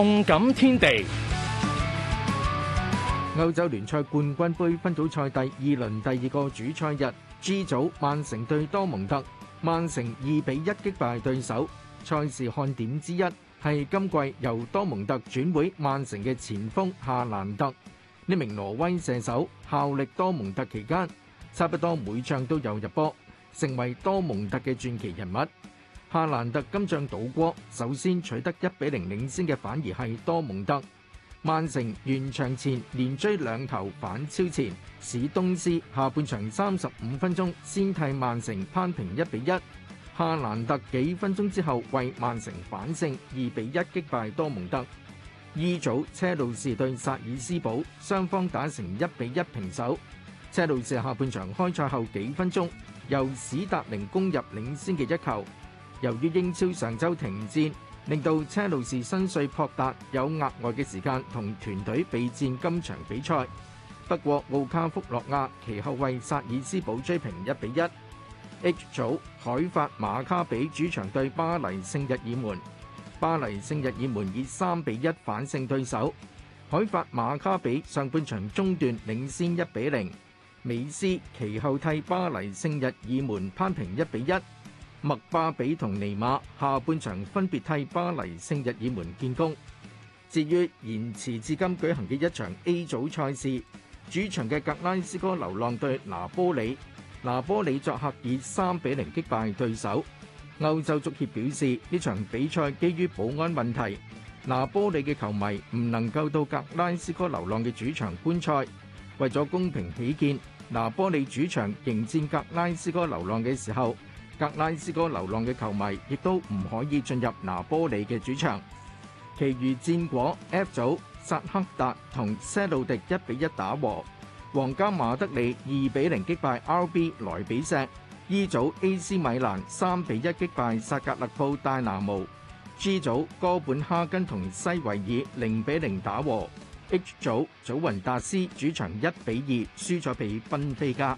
動感天地，歐洲聯賽冠軍盃分組賽第二輪第二個主賽日，G 組曼城對多蒙特，曼城二比一擊敗對手。賽事看點之一係今季由多蒙特轉會曼城嘅前鋒夏蘭特，呢名挪威射手效力多蒙特期間，差不多每場都有入波，成為多蒙特嘅傳奇人物。夏蘭特金將倒戈，首先取得一比零領先嘅反而係多蒙特。曼城完場前連追兩球反超前，史東斯下半場三十五分鐘先替曼城扳平一比一。夏蘭特幾分鐘之後為曼城反勝二比一擊敗多蒙特。E 組車路士對薩爾斯堡，雙方打成一比一平手。車路士下半場開賽後幾分鐘由史達寧攻入領先嘅一球。由於英超上週停戰，令到車路士新帥博達有額外嘅時間同團隊備戰今場比賽。德國奧卡福諾亞其後為薩爾斯堡追平一比一。H 組海法馬卡比主場對巴黎聖日耳門，巴黎聖日耳門以三比一反勝對手。海法馬卡比上半場中段領先一比零，美斯其後替巴黎聖日耳門攀平一比一。麥巴比同尼馬下半場分別替巴黎聖日耳門建功。至於延遲至今舉行嘅一場 A 組賽事，主場嘅格拉斯哥流浪對拿玻里，拿玻里作客以三比零擊敗對手。歐洲足協表示呢場比賽基於保安問題，拿玻里嘅球迷唔能夠到格拉斯哥流浪嘅主場觀賽。為咗公平起見，拿玻里主場迎戰格拉斯哥流浪嘅時候，格拉斯哥流浪嘅球迷亦都唔可以進入拿玻里嘅主場。其餘戰果：F 組薩克達同西路迪一比一打和；皇家馬德里二比零擊敗 RB 萊比錫；E 組 AC 米蘭三比一擊敗薩格勒布戴拿姆；G 組哥本哈根同西維爾零比零打和；H 組祖雲達斯主場一比二輸咗俾賓菲加。